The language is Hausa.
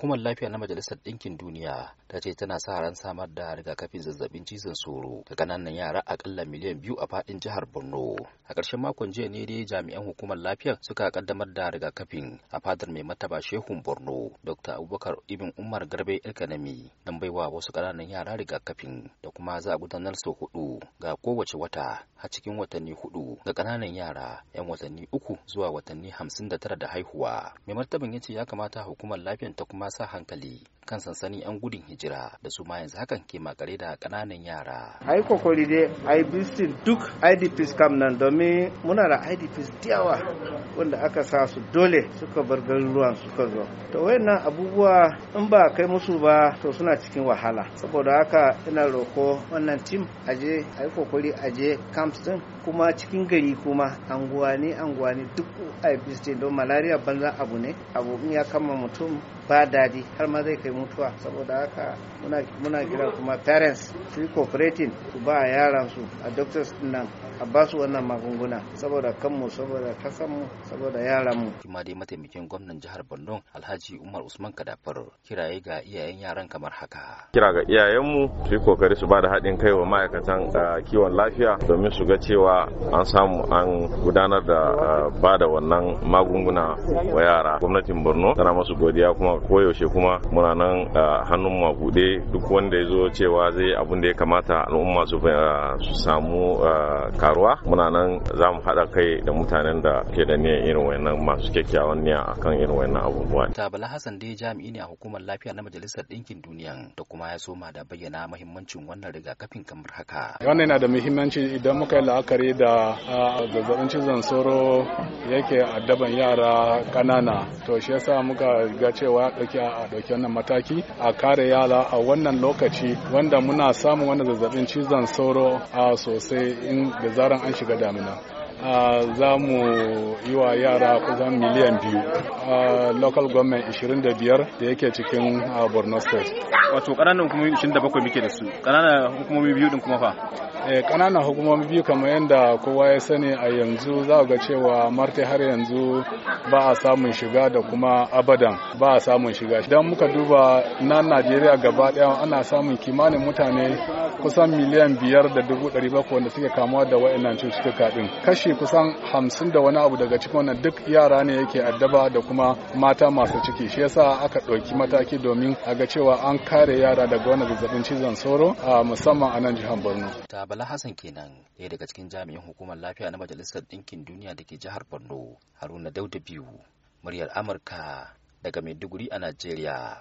hukumar lafiya na majalisar ɗinkin duniya ta ce tana sa ran samar da rigakafin zazzabin cizon sauro ga ƙananan yara akalla miliyan biyu a faɗin jihar borno a ƙarshen makon jiya ne dai jami'an hukumar lafiya suka kaddamar da rigakafin a fadar mai mataba shehun borno dr abubakar Ibin umar garbe ilkanami don baiwa wasu ƙananan yara rigakafin da kuma za a gudanar sau hudu ga kowace wata a cikin watanni hudu ga ƙananan yara 'yan watanni uku zuwa watanni hamsin da tara da haihuwa. Mai martaban ya ya kamata hukumar lafiyar ta kuma sa hankali kan sansanin 'yan gudun hijira da su ma yanzu hakan ke makare da ƙananan yara. Ai kokori dai ai duk IDPs kam nan domin muna da IDPs da yawa wanda aka sa su dole suka bar garuruwan suka zo. To wayannan abubuwa in ba kai musu ba to suna cikin wahala. Saboda haka ina roko wannan tim aje ai kokori aje kam hamsin kuma cikin gari kuma anguwani anguwani duk a bistin don malaria banza abu ne abu in ya kama mutum ba daɗi har ma zai kai mutuwa saboda haka muna kira kuma parents su yi cooperating su ba a yaran su a doctors nan a ba su wannan magunguna saboda kanmu saboda kasanmu saboda mu. kuma dai mataimakin gwamnan jihar Borno Alhaji Umar Usman Kadafar kiraye ga iyayen yaran kamar haka. Kira ga iyayenmu su yi kokari su ba da haɗin kai wa ma'aikatan ah, kiwon lafiya domin su su ga cewa an samu an gudanar da ah, ba da wannan magunguna wa yara gwamnatin borno tana masu godiya kuma koyaushe kuma muna nan ah, hannun bude duk wanda ya zo cewa zai abin da ya kamata al'umma su ah, samu karuwa muna nan za mu haɗa kai da mutanen da ke da niyan irin wannan masu kyakkyawan niyya akan irin wannan abubuwa. Tabala Hassan dai jami'i ne a hukumar lafiya na Majalisar Ɗinkin Duniya da kuma ya soma da bayyana mahimmancin wannan rigakafin kamar haka. Wannan yana da muhimmanci idan aka yi la'akari da zazzabin cizon sauro yake addaban yara kanana to shi yasa muka ga cewa a ɗauki wannan mataki a kare yara a wannan lokaci wanda muna samun wannan zazzabin cizon sauro a sosai in da zaran an shiga damina za mu yi wa yara kusan miliyan biyu local government 25 da yake cikin borno state wato kananan hukumomi 27 muke da su kananan hukumomi biyu din kuma fa kananan eh, hukumomi biyu kamar yadda kowa ya sani a yanzu za ga cewa marti har yanzu ba a samun shiga da kuma abadan ba a samun shiga idan muka duba na najeriya gaba daya ana samun kimanin mutane kusan miliyan biyar da dubu ɗari bakwai wanda suke kamuwa da wa'annan cututtuka ɗin kashi kashi kusan hamsin da wani abu daga cikin wannan duk yara ne yake addaba da kuma mata masu ciki shi yasa aka ɗauki mataki domin a ga cewa an kare yara daga wani zazzabin cizon sauro a musamman a nan jihar borno ta bala hassan kenan ɗaya daga cikin jami'in hukumar lafiya na majalisar ɗinkin duniya da ke jihar borno haruna dauda biyu muryar amurka daga maiduguri a najeriya